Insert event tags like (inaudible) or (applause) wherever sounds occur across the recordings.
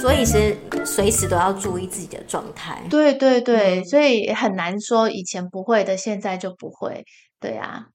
所以是隨時都要注意自己的狀態。對對對，嗯，所以很難說以前不會的，現在就不會。對啊，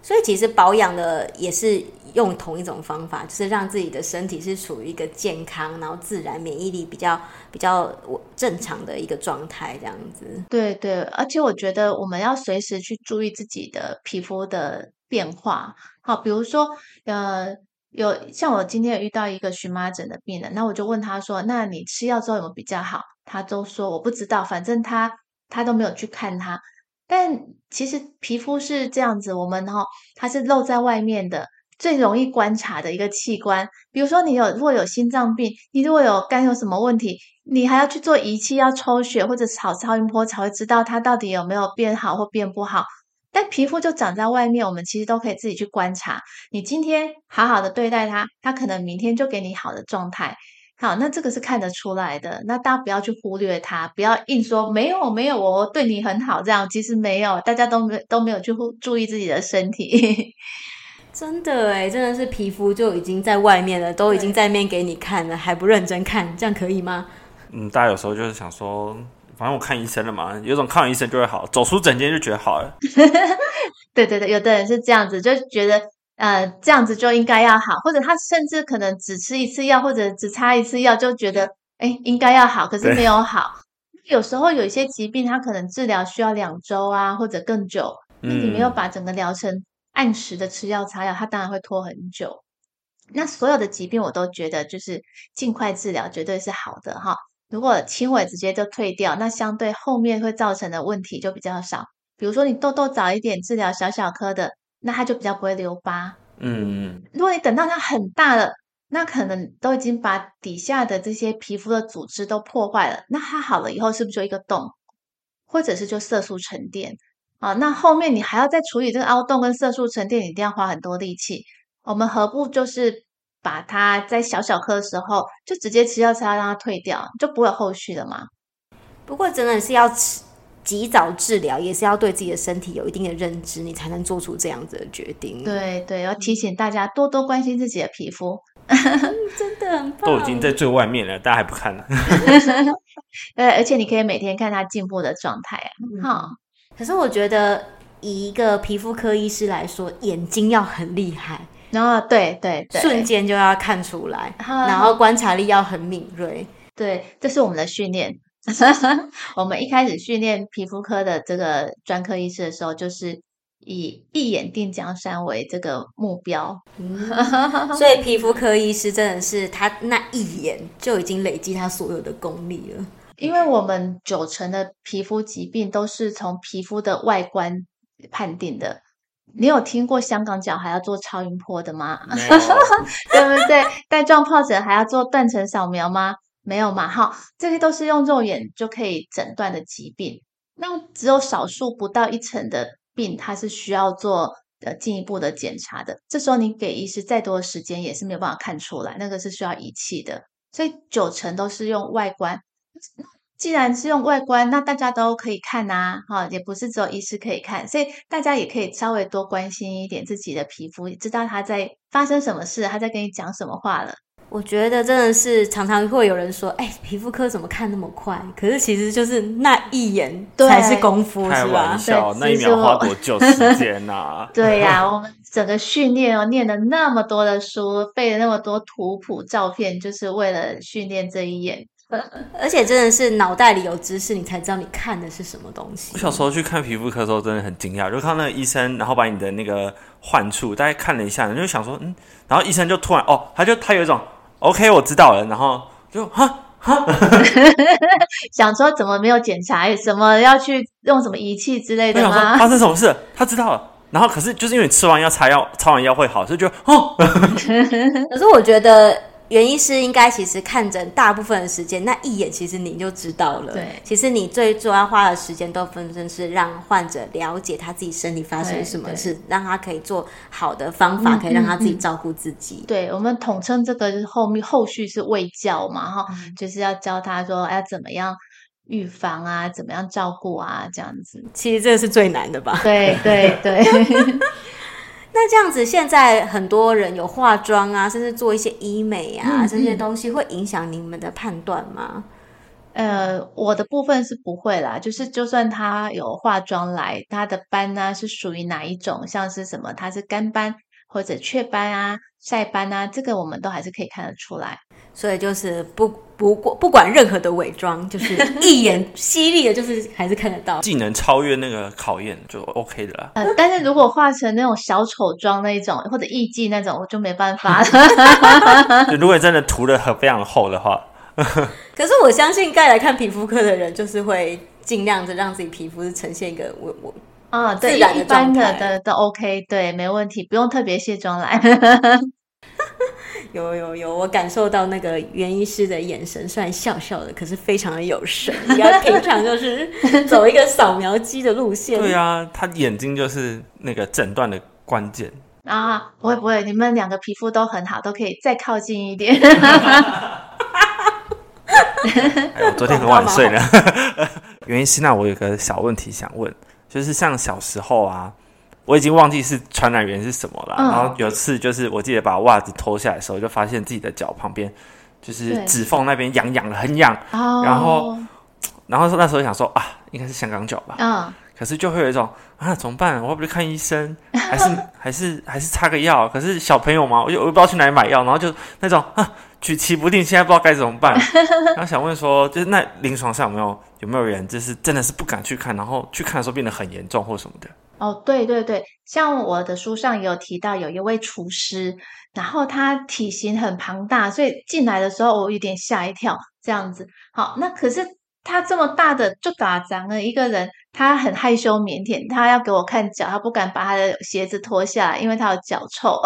所以其實保養的也是。用同一種方法，就是讓自己的身體是處於一個健康，然後自然免疫力比較比較我正常的一個狀態，這樣子。對對，而且我覺得我們要隨時去注意自己的皮膚的變化。好，比如說，呃，有像我今天遇到一個蕁麻疹的病人，那我就問他說：“那你吃藥之後有沒有比較好？”他都說我不知道，反正他他都沒有去看他。但其實皮膚是這樣子，我們哈、哦，它是露在外面的。最容易觀察的一個器官，比如說你有如果有心臟病，你如果有肝有什麼問題，你還要去做儀器，要抽血或者是照超音波才會知道它到底有沒有變好或變不好。但皮膚就長在外面，我們其實都可以自己去觀察。你今天好好的對待它，它可能明天就給你好的狀態。好，那這個是看得出來的。那大家不要去忽略它，不要硬說沒有沒有我對你很好這樣，其實沒有，大家都沒都沒有去注意自己的身體。 (laughs) 真的哎、欸，真的是皮膚就已經在外面了，都已經在面給你看了，還不認真看，這樣可以嗎？嗯，大家有時候就是想說，反正我看醫生了嘛，有種看醫生就會好，走出診間就覺得好了。 (laughs) 對對對，有的人是這樣子，就覺得呃這樣子就應該要好，或者他甚至可能只吃一次藥或者只擦一次藥就覺得哎、欸、應該要好，可是沒有好。對有時候有一些疾病，他可能治療需要兩周啊或者更久，那、嗯、你沒有把整個療程，按時的吃藥擦藥，它當然會拖很久。那所有的疾病，我都覺得就是盡快治療絕對是好的哈。如果輕微直接就退掉，那相對後面會造成的問題就比較少。比如說你痘痘早一點治療，小小顆的，那它就比較不會留疤。嗯。如果你等到它很大了，那可能都已經把底下的這些皮膚的組織都破壞了，那它好了以後是不是就一個洞，或者是就色素沉澱？啊、哦，那後面你還要再處理這個凹洞跟色素沉澱，你一定要花很多力氣。我們何不就是把它在小小顆的時候就直接吃藥吃藥，讓它退掉，就不會有後續了嘛？不過真的是要及早治療，也是要對自己的身體有一定的認知，你才能做出這樣子的決定。對對，要提醒大家多多關心自己的皮膚， (laughs) (laughs) 真的很棒。都已經在最外面了，大家還不看呢？呃 (laughs) (laughs) 而且你可以每天看它進步的狀態、啊，嗯哦可是我覺得，以一個皮膚科醫師來說，眼睛要很厲害，然後對對對，對對瞬間就要看出來，然後觀察力要很敏銳。對，這是我們的訓練。 (laughs) 我們一開始訓練皮膚科的這個專科醫師的時候，就是以一眼定江山為這個目標。 (laughs) 所以皮膚科醫師真的是他那一眼就已經累積他所有的功力了。因為我們九成的皮膚疾病都是從皮膚的外觀判定的。你有聽過香港腳還要做超音波的嗎？沒有 (laughs) 對不對？ (laughs) 帶狀皰疹還要做斷層掃描嗎？沒有嘛。哈，這些都是用肉眼就可以診斷的疾病。那只有少數不到一成的病，它是需要做呃進一步的檢查的。這時候你給醫師再多的時間也是沒有辦法看出來，那個是需要儀器的。所以九成都是用外觀。既然是用外觀，那大家都可以看吶，哈，也不是只有醫師可以看，所以大家也可以稍微多關心一點自己的皮膚，知道它在發生什麼事，它在跟你講什麼話了。我覺得真的是常常會有人說，哎、欸，皮膚科怎麼看那麼快？可是其實就是那一眼才是功夫，對是吧？開玩笑，對，那一秒花多久時間吶？ (laughs) 對呀、啊， (laughs) 我們整個訓練哦，念了那麼多的書，背了那麼多圖譜照片，就是為了訓練這一眼。而且真的是腦袋裡有知識，你才知道你看的是什麼東西。我小時候去看皮膚科的時候真的很驚訝，就看到那個醫生，然後把你的那個患處大概看了一下，你就想說，嗯，然後醫生就突然，哦，他就他有一種，OK，我知道了，然後就哈哈，哈 (laughs) (laughs) 想說怎麼沒有檢查，什麼要去用什麼儀器之類的嗎？發生、啊、什麼事？他知道了，然後可是就是因為你吃完藥擦藥，擦完藥會好，所以就哦。 (laughs) (laughs) 可是我覺得。袁醫師應該其實看診，大部分的時間，那一眼其實你就知道了。對，其實你最主要花的時間都分的是讓患者了解他自己身體發生什麼事，讓他可以做好的方法，嗯、可以讓他自己照顧自己、嗯嗯嗯。對，我們統稱這個後面後續是衛教嘛，哈，就是要教他說要怎麼樣預防啊，怎麼樣照顧啊，這樣子。其實這是最難的吧？對對對。對對 (laughs) 那這樣子，現在很多人有化妝啊，甚至做一些醫美啊，嗯嗯這些東西會影響你們的判斷嗎？呃，我的部分是不會啦，就是就算他有化妝來，他的斑呢、啊、是屬於哪一種，像是什麼，他是肝斑。或者雀斑啊、曬斑啊，這個我們都還是可以看得出來。所以就是不不過不管任何的偽裝，就是一眼犀利的，就是還是看得到。 (laughs) 技能超越那個考驗就 OK 的啦。呃，但是如果化成那種小丑妝那種，或者藝伎那種，我就沒辦法了。如果真的塗的很非常厚的話， (laughs) 可是我相信，該來看皮膚科的人，就是會盡量的讓自己皮膚呈現一個我我。啊、哦，對，一般的都都 OK，對，沒問題，不用特別卸妝來。 (laughs) 有有有，我感受到那個袁醫師的眼神，雖然笑笑的，可是非常的有神。然後平常就是走一個掃描機的路線， (laughs) 對啊，他眼睛就是那個診斷的關鍵啊。不會不會，你們兩個皮膚都很好，都可以再靠近一點。 (laughs) (laughs) 哎、我昨天很晚睡了。袁醫師，那 (laughs) 我有個小問題想問。就是像小時候啊，我已經忘記是傳染源是什麼了。嗯、然後有一次就是我記得把襪子脫下來的時候，就發現自己的腳旁邊就是指縫那邊癢癢的很癢。對然後,哦、然後說那時候想說啊，應該是香港腳吧。嗯、可是就會有一種啊，怎麼辦？我要不去看醫生，還是 (laughs) 還是還是擦個藥？可是小朋友嘛，我就我不知道去哪裡買藥，然後就那種。舉棋不定，現在不知道該怎麼辦。然後想問說，就是那臨床上有沒有有沒有人，就是真的是不敢去看，然後去看的時候變得很嚴重或什麼的？哦，對對對，像我的書上也有提到，有一位廚師，然後他體型很龐大，所以進來的時候我有點嚇一跳。這樣子，好，那可是他這麼大的就打針了一個人，他很害羞腼腆，他要給我看腳，他不敢把他的鞋子脫下來，因為他有腳臭。 (laughs)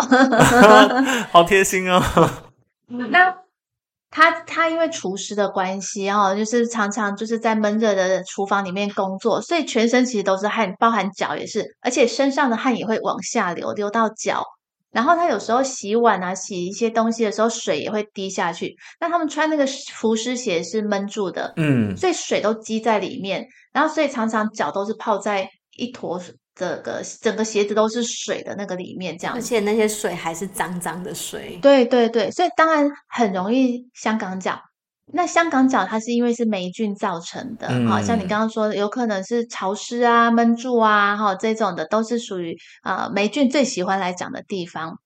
好貼心哦。那他他因為廚師的關係哦，就是常常就是在悶熱的廚房裡面工作，所以全身其實都是汗，包含腳也是，而且身上的汗也會往下流，流到腳。然後他有時候洗碗啊，洗一些東西的時候，水也會滴下去。那他們穿那個廚師鞋是悶住的，嗯，所以水都積在裡面，然後所以常常腳都是泡在一坨。整個整個鞋子都是水的那個裡面，這樣，而且那些水還是髒髒的水。對對對，所以當然很容易香港腳。那香港腳它是因為是黴菌造成的，好、嗯哦、像你剛剛說，有可能是潮濕啊、悶住啊，哈、哦，這種的都是屬於啊、呃、黴菌最喜歡來長的地方。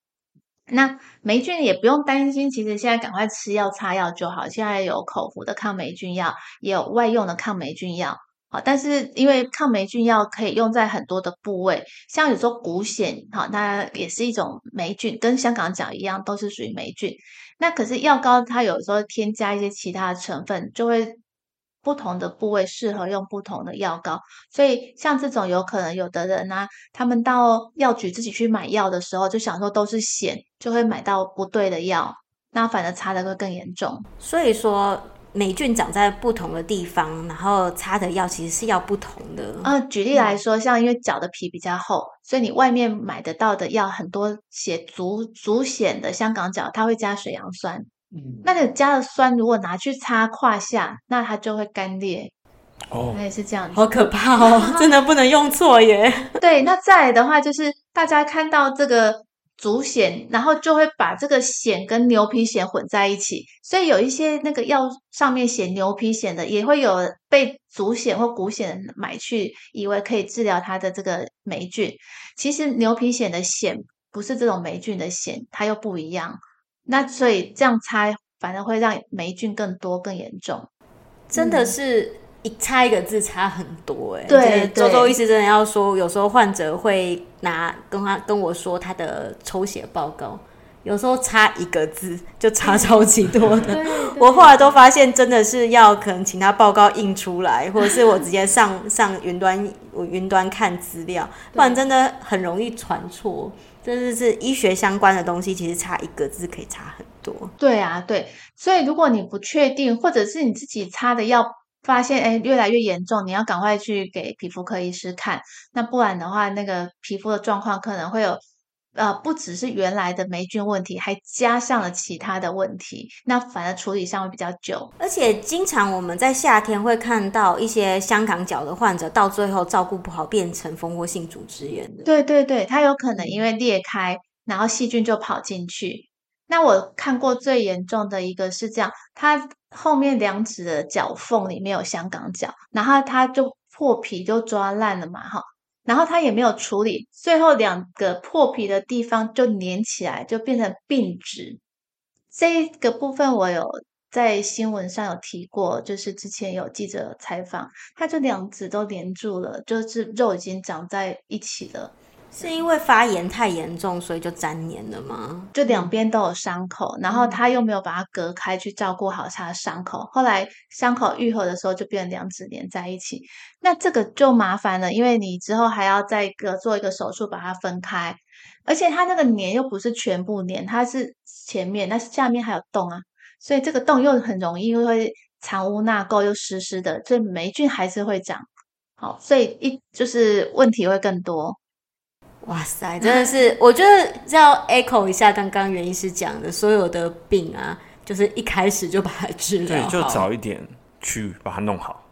那黴菌也不用擔心，其實現在趕快吃藥擦藥就好。現在有口服的抗黴菌藥，也有外用的抗黴菌藥。好，但是因為抗黴菌藥可以用在很多的部位，像有時候股癬。哈，那也是一種黴菌，跟香港腳一樣，都是屬於黴菌。那可是藥膏，它有時候添加一些其他的成分，就會不同的部位適合用不同的藥膏。所以像這種，有可能有的人啊，他們到藥局自己去買藥的時候，就想說都是癬，就會買到不對的藥，那反而擦得會更嚴重。所以說。黴菌長在不同的地方，然後擦的藥其實是要不同的。嗯、呃，舉例來說，嗯、像因為腳的皮比較厚，所以你外面買得到的藥很多寫足足癬的香港腳，它會加水楊酸。嗯，那你加了酸，如果拿去擦胯下，那它就會乾裂。哦，oh, 那也是這樣子，好可怕哦！真的不能用錯耶。 (laughs) (laughs) 對，那再來的話，就是大家看到這個。足癬，然後就會把這個癬跟牛皮癬混在一起，所以有一些那個藥上面寫牛皮癬的，也會有被足癬或股癬買去，以為可以治療它的這個黴菌。其實牛皮癬的癬不是這種黴菌的癬，它又不一樣。那所以這樣擦，反而會讓黴菌更多、更嚴重。嗯、真的是。差一個字差很多哎、欸，對周周醫師真的要說，有時候患者會拿跟他跟我說他的抽血報告，有時候差一個字就差超級多的。對對對對，我後來都發現真的是要可能請他報告印出來，或者是我直接上上雲端，我雲端看資料，不然真的很容易傳錯。真的對是醫學相關的東西，其實差一個字可以差很多。對啊，對，所以如果你不確定，或者是你自己擦的藥，發現哎、欸，越來越嚴重，你要趕快去給皮膚科醫師看，那不然的話，那個皮膚的狀況可能會有，呃，不只是原來的霉菌問題，還加上了其他的問題，那反而處理上會比較久。而且，經常我們在夏天會看到一些香港腳的患者，到最後照顧不好，變成蜂窩性組織炎的。對對對，它有可能因為裂開，然後細菌就跑進去。那我看過最嚴重的一個是這樣，他，後面兩指的腳縫裡面有香港腳，然後它就破皮，就抓爛了嘛，哈，然後它也沒有處理，最後兩個破皮的地方就黏起來，就變成併趾。這個部分我有在新聞上有提過，就是之前有記者採訪，它就兩指都連住了，就是肉已經長在一起了。是因為發炎太嚴重，所以就粘黏了嗎？就兩邊都有傷口，然後他又沒有把它隔開，去照顧好他的傷口。後來傷口愈合的時候，就變成兩指粘在一起。那這個就麻煩了，因為你之後還要再一個做一個手術把它分開。而且它那個粘又不是全部粘，它是前面，那是下面還有洞啊，所以這個洞又很容易又會藏污納垢，又濕濕的，所以黴菌還是會長。好，所以一就是問題會更多。哇塞，真的是，我覺得要 echo 一下剛剛袁醫師講的，所有的病啊，就是一開始就把它治療好，對，就早一點去把它弄好。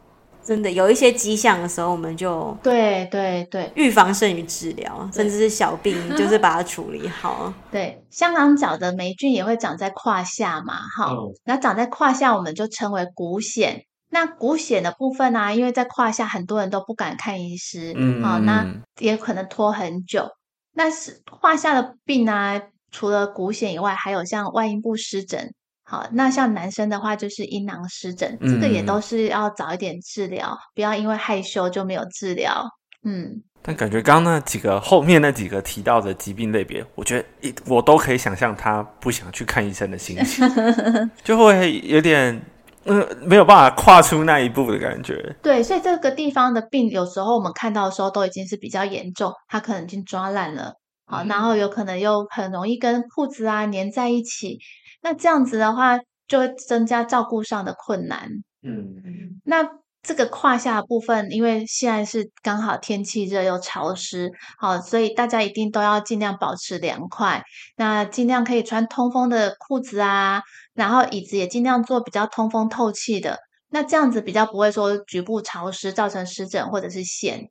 真的，有一些跡象的時候，我們就對對對，預防勝於治療，甚至是小病，就是把它處理好。對，香港腳的霉菌也會長在胯下嘛，哈，oh. 那長在胯下，我們就稱為股癬。那股癬的部分呢、啊？因為在胯下很多人都不敢看醫師，好、嗯哦，那也可能拖很久。那是胯下的病呢、啊，除了股癬以外，還有像外陰部濕疹。好、哦，那像男生的話，就是陰囊濕疹，嗯、這個也都是要早一點治療，不要因為害羞就沒有治療。嗯，但感覺剛剛那幾個後面那幾個提到的疾病類別，我覺得一我都可以想象他不想去看醫生的心情， (laughs) 就會有點。嗯，沒有辦法跨出那一步的感覺。對，所以這個地方的病，有時候我們看到的時候都已經是比較嚴重，它可能已經抓爛了，好、嗯，然後有可能又很容易跟褲子啊粘在一起，那這樣子的話就會增加照顧上的困難。嗯，嗯，那。這個胯下的部分，因為現在是剛好天氣熱又潮濕，好，所以大家一定都要盡量保持涼快。那盡量可以穿通風的褲子啊，然後椅子也盡量做比較通風透氣的。那這樣子比較不會說局部潮濕造成濕疹或者是癬。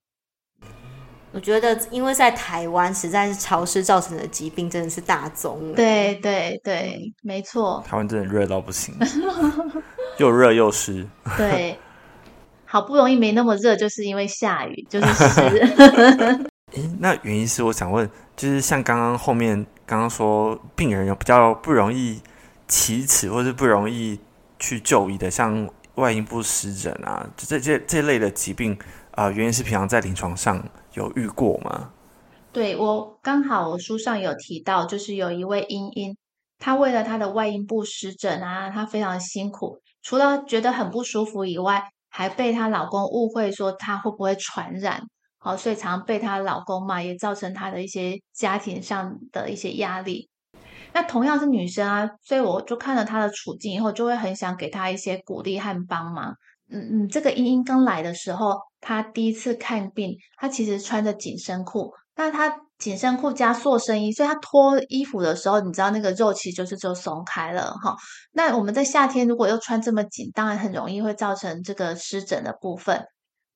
我覺得，因為在台灣，實在是潮濕造成的疾病真的是大宗，對。對對對，沒錯。台灣真的熱到不行， (laughs) 又熱又濕。對。好不容易沒那麼熱，就是因為下雨，就是濕 (laughs) (laughs) 、欸。那袁醫師是我想問，就是像剛剛後面剛剛說，病人有比較不容易啟齒，或是不容易去就醫的，像外陰部濕疹啊，這些這類的疾病啊、呃，袁醫師是平常在臨床上有遇過嗎？對，我剛好書上有提到，就是有一位茵茵，她為了她的外陰部濕疹啊，她非常辛苦，除了覺得很不舒服以外。還被她老公誤會說她會不會傳染，好，所以常常被她老公罵，也造成她的一些家庭上的一些壓力。那同樣是女生啊，所以我就看了她的處境以後，就會很想給她一些鼓勵和幫忙。嗯嗯，這個茵茵剛來的時候，她第一次看病，她其實穿着緊身褲，那她。緊身褲加塑身衣，所以他脫衣服的時候，你知道那個肉其實就是就鬆開了哈。那我們在夏天如果又穿這麼緊，當然很容易會造成這個濕疹的部分。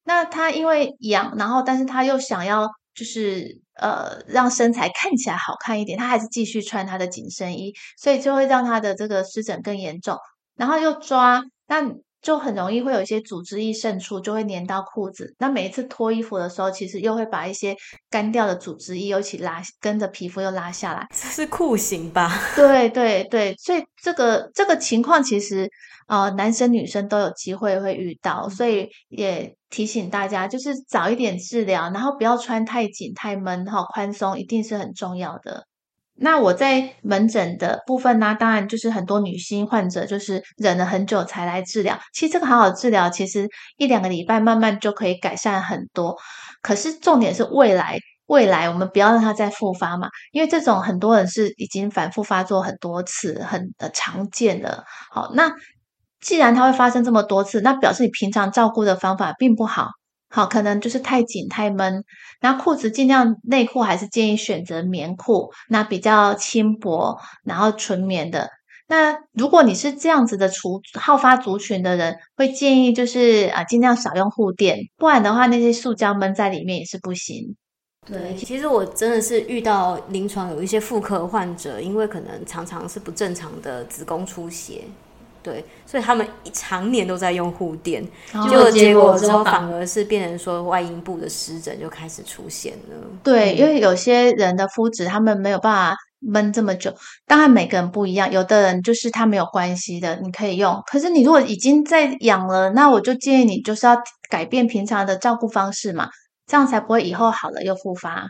那他因為癢，然後但是他又想要就是呃讓身材看起來好看一點，他還是繼續穿他的緊身衣，所以就會讓他的這個濕疹更嚴重，然後又抓，但就很容易會有一些組織液滲出，就會粘到褲子。那每一次脫衣服的時候，其實又會把一些乾掉的組織液又一起拉，跟着皮膚又拉下來。這是酷刑吧？對對對，所以這個這個情況其實啊，呃，男生女生都有機會會遇到，所以也提醒大家，就是早一點治療，然後不要穿太緊太悶哈，然後寬鬆一定是很重要的。那我在門診的部分呢、啊，當然就是很多女性患者就是忍了很久才來治療。其實這個好好治療，其實一兩個禮拜慢慢就可以改善很多。可是重點是未來，未來我們不要讓它再復發嘛，因為這種很多人是已經反覆發作很多次，很常見的。好，那既然它會發生這麼多次，那表示你平常照顧的方法並不好。好，可能就是太緊太悶，那褲子盡量內褲還是建議選擇棉褲，那比較輕薄，然後純棉的。那如果你是這樣子的族好發族群的人，會建議就是啊，盡量少用護墊，不然的話那些塑膠悶在裡面也是不行。對，其實我真的是遇到臨床有一些婦科患者，因為可能常常是不正常的子宮出血。對，所以他們常年都在用護墊，然後、oh, 結，結果之後反而是變成說外陰部的濕疹就開始出現了。對，因為有些人的膚質他們沒有辦法悶這麼久，當然每個人不一樣，有的人就是他沒有關係的，你可以用。可是你如果已經在癢了，那我就建議你就是要改變平常的照顧方式嘛，這樣才不會以後好了又復發。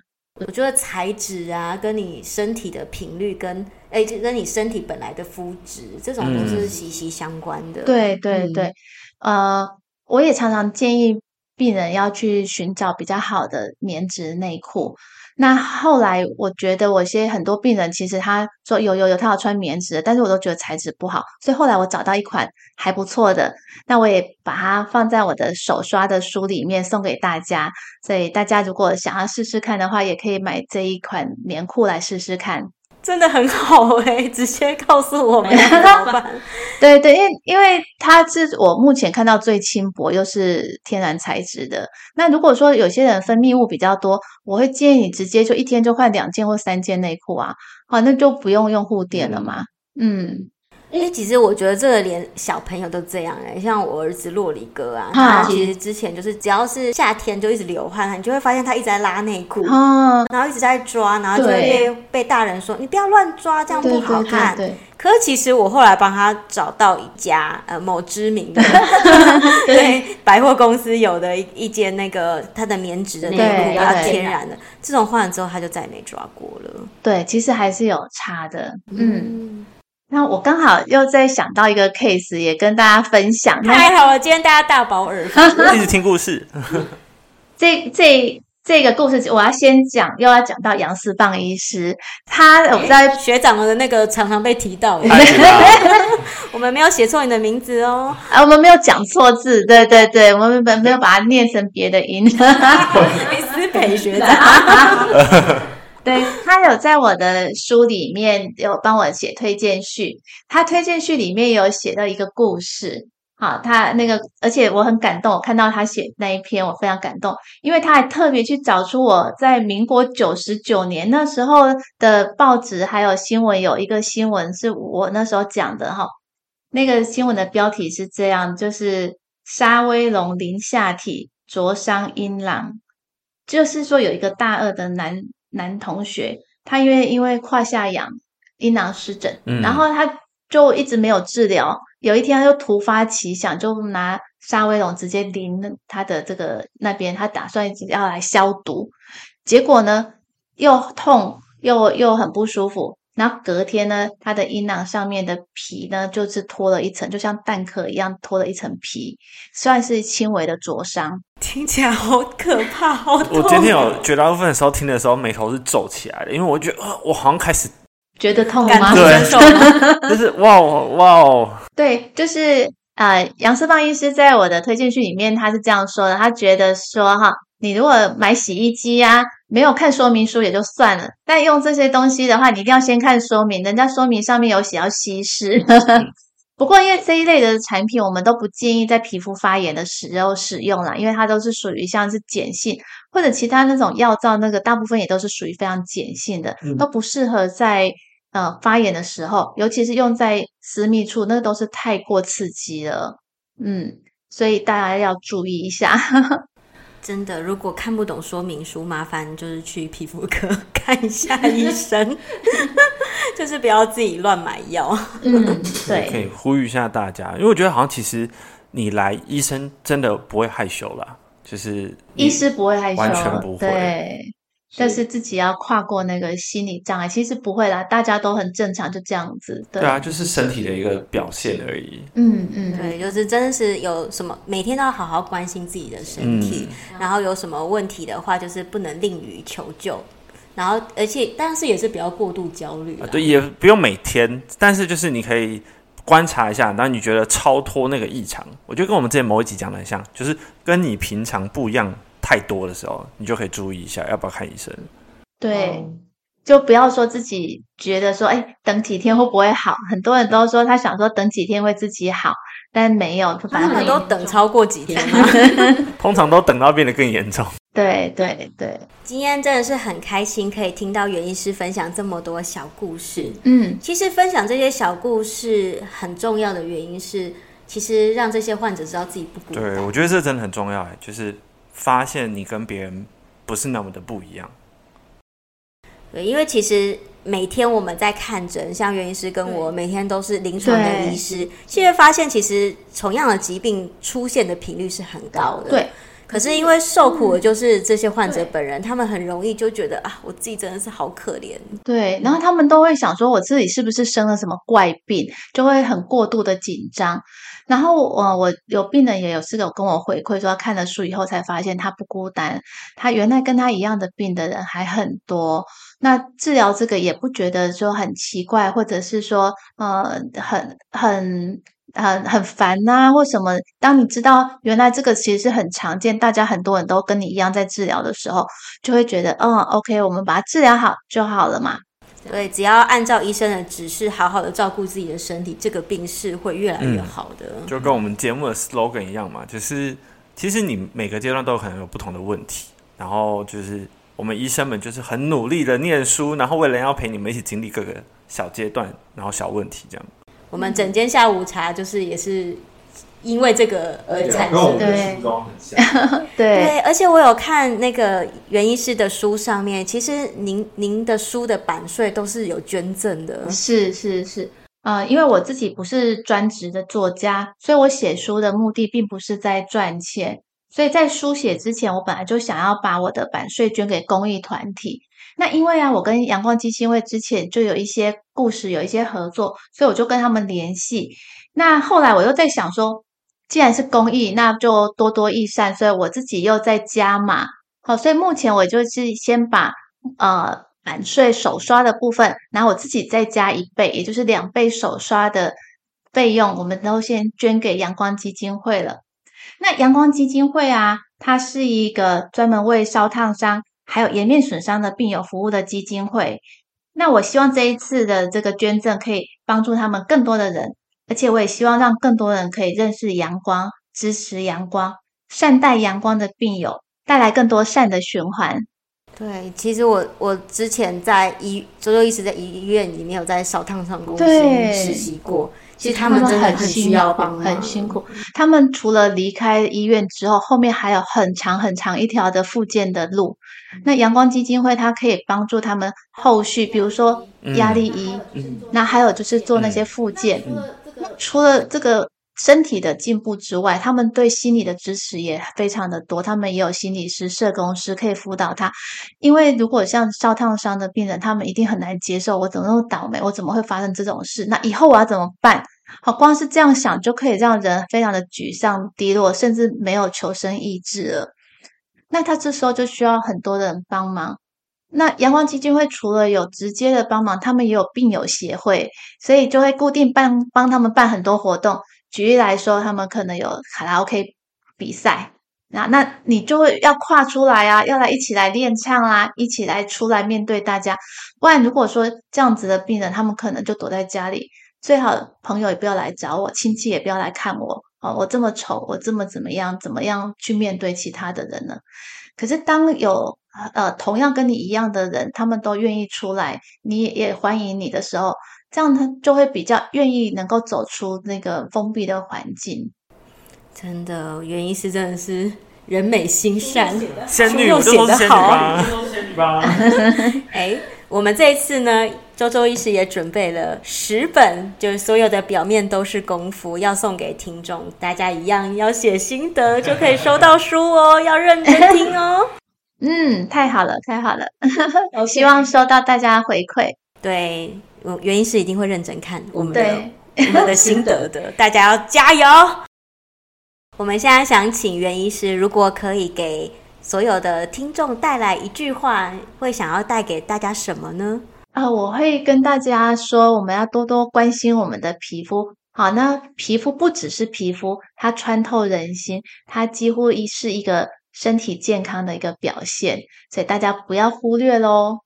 我覺得材質啊，跟你身體的頻率跟誒，欸、就跟你身體本來的膚質，這種都是息息相關的。對對、嗯、對，對對嗯、呃，我也常常建議病人要去尋找比較好的棉質內褲。那後來，我覺得我一些很多病人其實他說有有有，他要穿棉質的，但是我都覺得材質不好，所以後來我找到一款還不錯的，那我也把它放在我的手刷的書裡面送給大家，所以大家如果想要試試看的話，也可以買這一款棉褲來試試看。真的很好哎、欸，直接告訴我們老闆， (laughs) 對對，因為因為它是我目前看到最輕薄又是天然材質的。那如果說有些人分泌物比較多，我會建議你直接就一天就換兩件或三件內褲啊，好，那就不用用護墊了嘛。嗯。嗯因為、欸、其實我覺得這個連小朋友都這樣哎、欸，像我兒子洛里哥啊，啊他其實之前就是只要是夏天就一直流汗，你就會發現他一直在拉內褲，啊、然後一直在抓，然後就會被大人說，對你不要亂抓，這樣不好看。對對對對，可是其實我後來幫他找到一家呃某知名的對百貨 (laughs) 對公司有的一間那個他的棉質的內褲然後天然的，對對對對，這種換完之後他就再也沒抓過了。對，其實還是有差的，嗯。嗯那我剛好又在想到一個 case，也跟大家分享他。太好了，今天大家大飽耳朵。 (laughs) 我一直聽故事。 (laughs) 這這這個故事，我要先講，又要講到楊思棒醫師。他我、欸、在學長們的那個常常被提到。我們沒有寫錯你的名字哦。我們沒有講錯字，對對對，我們本沒有把它念成別的音。是思北學長。 (laughs) (laughs) 對，他有在我的書裡面有幫我寫推薦序，他推薦序裡面有寫到一個故事，好，他那個而且我很感動，我看到他寫那一篇我非常感動，因為他還特別去找出我在民國九十九年那時候的報紙還有新聞，有一個新聞是我那時候講的哈，那個新聞的標題是這樣，就是沙威龍淋下體灼傷陰囊，就是說有一個大二的男。男同學，他因為因為胯下癢、陰囊濕疹，嗯、然後他就一直沒有治療。有一天，他就突發奇想，就拿沙威龍直接淋他的這個那邊，他打算要來消毒。結果呢，又痛又又很不舒服。然後隔天呢，他的陰囊上面的皮呢，就是脫了一層，就像蛋殼一樣脫了一層皮，算是輕微的灼傷。聽起來好可怕，好痛！我今天有絕大部分的時候聽的時候，眉頭是皺起來的，因為我覺得，呃，我好像開始覺得痛嗎？對，就是哇哦哇哦！對，呃，就是啊，楊思棒醫師在我的推薦序裡面，他是這樣說的，他覺得說，哈，你如果買洗衣機呀、啊，沒有看說明書也就算了，但用這些東西的話，你一定要先看說明，人家說明上面有寫要稀釋。呵呵嗯不過，因為這一類的產品，我們都不建議在皮膚發炎的時候使用啦，因為它都是屬於像是鹼性或者其他那種藥皂，那個大部分也都是屬於非常鹼性的，嗯、都不適合在呃發炎的時候，尤其是用在私密處，那個、都是太過刺激了。嗯，所以大家要注意一下。 (laughs) 真的，如果看不懂說明書，麻煩就是去皮膚科看一下醫生， (laughs) (laughs) 就是不要自己亂買藥。嗯，對，可以呼籲一下大家，因為我覺得好像其實你來醫生真的不會害羞啦，就是醫師不會害羞，完全不會。是但是自己要跨過那個心理障礙，其實不會啦，大家都很正常，就這樣子。對,對啊，就是身體的一個表現而已。嗯嗯，嗯對，就是真的是有什麼，每天都要好好關心自己的身體，嗯、然後有什麼問題的話，就是不能吝於求救。然後，而且但是也是不要過度焦慮。啊，對，也不用每天，但是就是你可以觀察一下，然後你覺得超脫那個異常，我覺得跟我們之前某一集講的很像，就是跟你平常不一樣。太多的時候，你就可以注意一下，要不要看醫生。對，oh. 就不要說自己覺得說，哎、欸，等幾天會不會好？很多人都說他想說等幾天會自己好，但沒有，嗯、他們都等超過幾天 (laughs) 通常都等到變得更嚴重。對對對，對對，今天真的是很開心，可以聽到袁醫師分享這麼多小故事。嗯，其實分享這些小故事很重要的原因是，其實讓這些患者知道自己不孤單。對，我覺得這真的很重要。就是。發現你跟別人不是那麼的不一樣，對，因為其實每天我們在看診，像袁醫師跟我，對每天都是臨床的醫師，現在對發現其實同樣的疾病出現的頻率是很高的，對。對可是因為受苦的就是這些患者本人，嗯、他們很容易就覺得啊，我自己真的是好可憐。對，然後他們都會想說，我自己是不是生了什麼怪病，就會很過度的緊張。然後、呃、我我有病人也有這個跟我回饋說，看了書以後才發現他不孤單，他原來跟他一樣的病的人還很多。那治療這個也不覺得說很奇怪，或者是說呃很很。很呃、很很煩吶，或什麼？當你知道原來這個其實是很常見，大家很多人都跟你一樣在治療的時候，就會覺得，哦、嗯，OK，我們把它治療好就好了嘛。對，只要按照醫生的指示，好好的照顧自己的身體，這個病是會越來越好的。嗯、就跟我們節目的 slogan 一樣嘛，嗯、就是其實你每個階段都可能有不同的問題，然後就是我們醫生們就是很努力的念書，然後為了要陪你們一起經歷各個小階段，然後小問題這樣。 (noise) 我們診間下午茶就是也是因為這個而產生，對的對， (laughs) 對，對，而且我有看那個袁醫師的書上面，其實您您的書的版稅都是有捐贈的，是是是，呃，因為我自己不是專職的作家，所以我寫書的目的並不是在賺錢。所以在書寫之前，我本來就想要把我的版稅捐給公益團體。那因為啊，我跟陽光基金會之前就有一些故事，有一些合作，所以我就跟他們聯繫。那後來我又在想說，既然是公益，那就多多益善，所以我自己又在加碼。好，所以目前我就是先把呃版稅首刷的部分，然後我自己再加一倍，也就是兩倍首刷的費用，我們都先捐給陽光基金會了。那陽光基金會啊，它是一個專門為燒燙傷還有顏面損傷的病友服務的基金會。那我希望這一次的這個捐贈可以幫助他們更多的人，而且我也希望讓更多人可以認識陽光、支持陽光、善待陽光的病友，帶來更多善的循環。對，其實我我之前在醫，周六一直在醫院裡面有在燒燙傷中心實習過。對其實他們真的很需要幫助，很辛苦。他們除了離開醫院之後，後面還有很長很長一條的復健的路。那陽光基金會它可以幫助他們後續，比如說壓力衣，嗯、那還有就是做那些復健，除了這個。身體的進步之外，他們對心理的支持也非常的多。他們也有心理師、社工師可以輔導他。因為如果像燒燙傷的病人，他們一定很難接受，我怎麼那麼倒霉，我怎麼會發生這種事？那以後我要怎麼辦？好，光是這樣想就可以讓人非常的沮喪、低落，甚至沒有求生意志了。那他這時候就需要很多人幫忙。那陽光基金會除了有直接的幫忙，他們也有病友協會，所以就會固定辦幫他們辦很多活動。舉例來說，他們可能有卡拉 OK 比賽，那那你就會要跨出來啊，要來一起來練唱啦、啊，一起來出來面對大家。不然如果說這樣子的病人，他們可能就躲在家裡，最好朋友也不要來找我，親戚也不要來看我。哦，我這麼醜，我這麼怎麼樣，怎麼樣去面對其他的人呢？可是當有。呃，同樣跟你一樣的人，他們都願意出來，你也,也歡迎你的時候，這樣他就會比較願意能夠走出那個封閉的環境。真的，袁醫師真的是人美心善，仙女不女女都是仙女嗎？都是仙女吧？哎、 (laughs) (laughs) 欸，我們這一次呢，周周醫師也準備了十本，就是所有的表面都是功夫，要送給聽眾，大家一樣要寫心得就可以收到書哦， (laughs) 要認真聽哦。 (laughs) 嗯，太好了，太好了！我 Okay. (laughs) 希望收到大家回饋。對，袁醫師一定會認真看我們的，對 (laughs) 我們的心得的。大家要加油！ (laughs) 我們現在想請袁醫師，如果可以給所有的聽眾帶來一句話，會想要帶給大家什麼呢？啊、呃，我會跟大家說，我們要多多關心我們的皮膚。好，那皮膚不只是皮膚，它穿透人心，它幾乎一是一個。身體健康的一個表現，所以大家不要忽略嘍。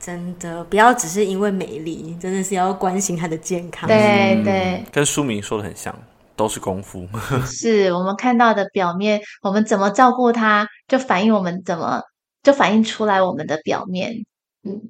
真的，不要只是因為美麗，真的是要關心他的健康。對對，嗯、對，跟書名說的很像，都是功夫。是我們看到的表面，我們怎麼照顧他，就反映我們怎麼，就反映出來我們的表面。嗯，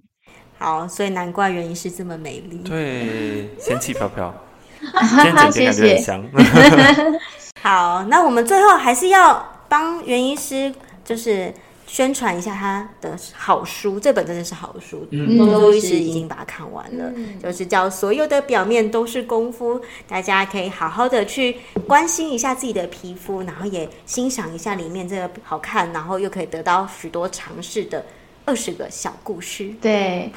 好，所以難怪袁醫師是這麼美麗，對，仙氣飄飄，今天整天感覺很香。謝謝 (laughs) 好，那我們最後還是要。幫袁醫師就是宣傳一下他的好書，這本真的是好書，周周醫師已經把它看完了，嗯、就是叫所有的表面都是功夫，嗯、大家可以好好的去關心一下自己的皮膚，然後也欣賞一下裡面這個好看，然後又可以得到許多常識的二十個小故事。對，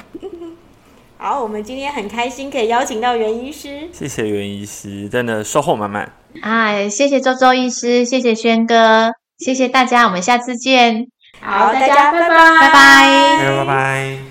(laughs) 好，我們今天很開心可以邀請到袁醫師，謝謝袁醫師，真的收穫滿滿。哎，謝謝周周醫師，謝謝軒哥。謝謝大家，我們下次見。好，大家拜拜，拜拜，拜拜。